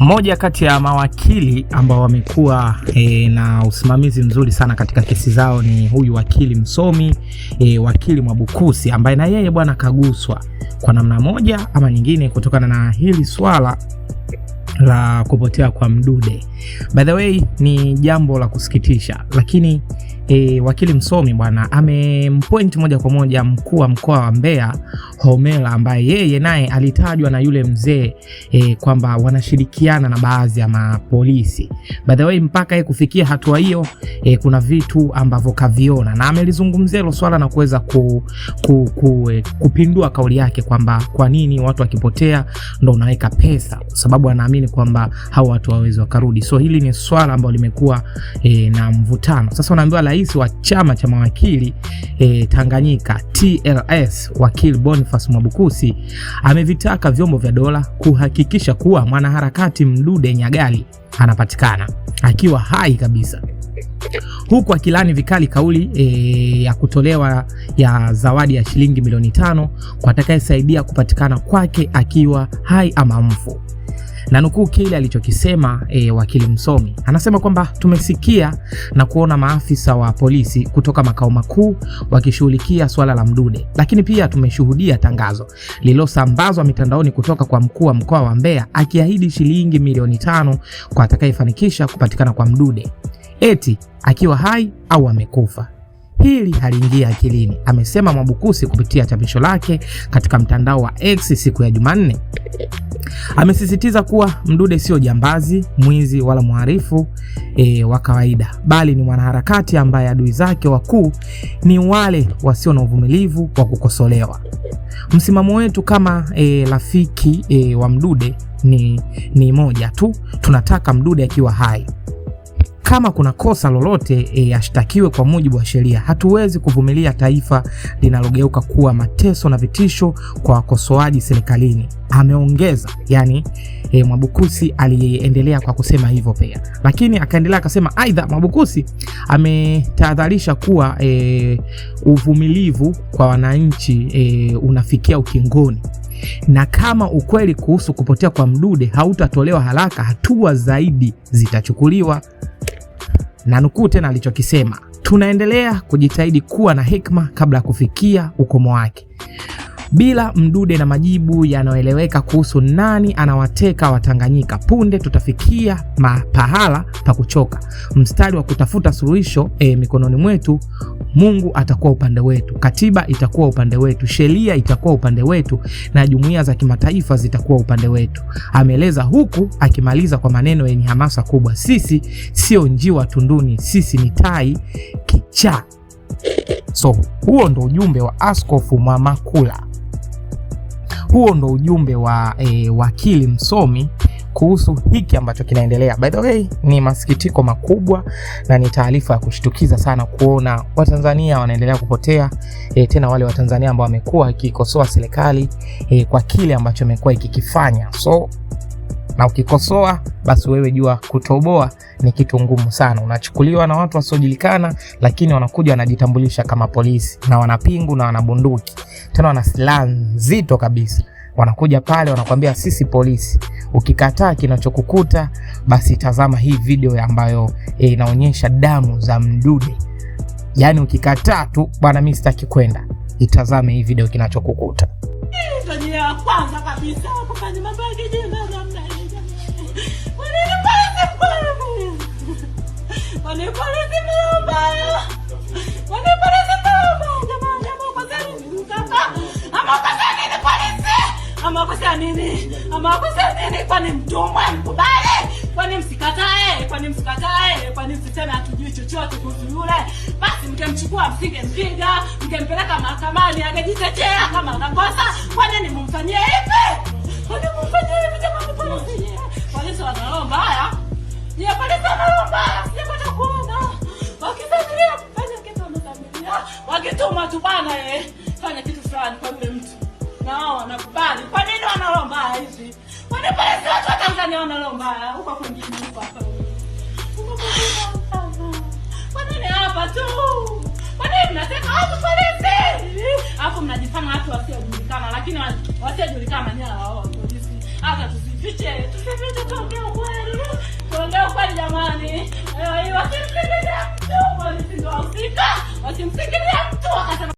Moja kati ya mawakili ambao wamekuwa e, na usimamizi mzuri sana katika kesi zao ni huyu wakili msomi e, wakili Mwabukusi ambaye na yeye bwana kaguswa kwa namna moja ama nyingine kutokana na hili swala la kupotea kwa Mdude. By the way, ni jambo la kusikitisha, lakini E, wakili msomi bwana amempoint moja kwa moja mkuu wa mkoa wa Mbeya homela ambaye yeye naye alitajwa na yule mzee e, kwamba wanashirikiana na baadhi ya mapolisi. By the way, mpaka yeye kufikia hatua hiyo e, kuna vitu ambavyo kaviona na amelizungumzia hilo swala na kuweza ku, ku, ku, e, kupindua kauli yake kwamba kwa nini watu wakipotea ndo unaweka pesa, kwa sababu anaamini kwamba hao watu hawawezi wakarudi. So hili ni swala ambalo limekuwa e, na mvutano sasa, unaambiwa rais wa chama cha mawakili e, Tanganyika TLS, wakili Boniface Mwabukusi amevitaka vyombo vya dola kuhakikisha kuwa mwanaharakati Mdude Nyagali anapatikana akiwa hai kabisa huku akilani vikali kauli e, ya kutolewa ya zawadi ya shilingi milioni tano kwa atakayesaidia kupatikana kwake akiwa hai ama mfu na nukuu kile alichokisema e, wakili msomi anasema kwamba tumesikia na kuona maafisa wa polisi kutoka makao makuu wakishughulikia swala la Mdude, lakini pia tumeshuhudia tangazo lililosambazwa mitandaoni kutoka kwa mkuu wa mkoa wa Mbeya akiahidi shilingi milioni tano kwa atakayefanikisha kupatikana kwa Mdude eti akiwa hai au amekufa hili haliingia akilini, amesema Mwabukusi kupitia chapisho lake katika mtandao wa X siku ya Jumanne. Amesisitiza kuwa Mdude sio jambazi, mwizi wala mhalifu e, wa kawaida, bali ni mwanaharakati ambaye adui zake wakuu ni wale wasio na uvumilivu wa kukosolewa. Msimamo wetu kama e, rafiki e, wa Mdude ni, ni moja tu, tunataka Mdude akiwa hai kama kuna kosa lolote e, ashtakiwe kwa mujibu wa sheria. Hatuwezi kuvumilia taifa linalogeuka kuwa mateso na vitisho kwa wakosoaji serikalini, ameongeza. Yani e, Mwabukusi aliendelea kwa kusema hivyo pia, lakini akaendelea akasema, aidha Mwabukusi ametahadharisha kuwa e, uvumilivu kwa wananchi e, unafikia ukingoni na kama ukweli kuhusu kupotea kwa Mdude hautatolewa haraka, hatua zaidi zitachukuliwa na nukuu tena alichokisema, tunaendelea kujitahidi kuwa na hekima kabla ya kufikia ukomo wake, bila mdude na majibu yanayoeleweka kuhusu nani anawateka Watanganyika. Punde tutafikia pahala pa kuchoka, mstari wa kutafuta suluhisho e, mikononi mwetu Mungu atakuwa upande wetu, katiba itakuwa upande wetu, sheria itakuwa upande wetu, na jumuiya za kimataifa zitakuwa upande wetu, ameeleza huku akimaliza kwa maneno yenye hamasa kubwa: sisi sio njiwa tunduni, sisi ni tai kichaa. So huo ndo ujumbe wa Askofu Mwamakula, huo ndo ujumbe wa e, wakili msomi kuhusu hiki ambacho kinaendelea. By the way, ni masikitiko makubwa na ni taarifa ya kushtukiza sana kuona Watanzania wanaendelea kupotea e, tena wale Watanzania ambao wamekuwa ikikosoa serikali e, kwa kile ambacho imekuwa ikikifanya so na ukikosoa basi wewe jua kutoboa ni kitu ngumu sana. Unachukuliwa na watu wasiojulikana, lakini wanakuja wanajitambulisha kama polisi na wanapingu na wanabunduki tena wana silaha nzito kabisa wanakuja pale wanakuambia sisi polisi, ukikataa kinachokukuta basi tazama hii video ambayo e, inaonyesha damu za mdude. Yaani ukikataa tu bwana, mimi sitaki kwenda, itazame hii video kinachokukuta amakosea nini? amakosea nini? Kwani mtumwe mkubali? Kwani msikatae? Kwani msikatae? Kwani msiseme hatujui chochote kuhusu yule? Basi mngemchukua msingempiga, mngempeleka mahakamani angejitetea kama anakosa. Kwani nimumfanyie hivi? Kwani mumfanyie hivi jamani polisi? Polisi wana mbaya. Ni polisi wana mbaya, sijapata kuona. Wakidhamiria kufanya kitu wamedhamiria. Wakituma tu bana eh nao wanakubali. Kwa nini wanalombaya hivi? Wanapeleka watu wa Tanzania wanalombaya huko kwingine huko hapa. Huko kwingine Wanene hapa tu. Wanene mnasema watu polisi. Hapo mnajifanya watu wasiojulikana lakini wasiojulikana ni wao polisi. Hata tusifiche, tusifiche tuongee ukweli. Tuongee ukweli jamani. Wasimsikilize mtu, wasimsikilize mtu, wakimsikiliza mtu akasema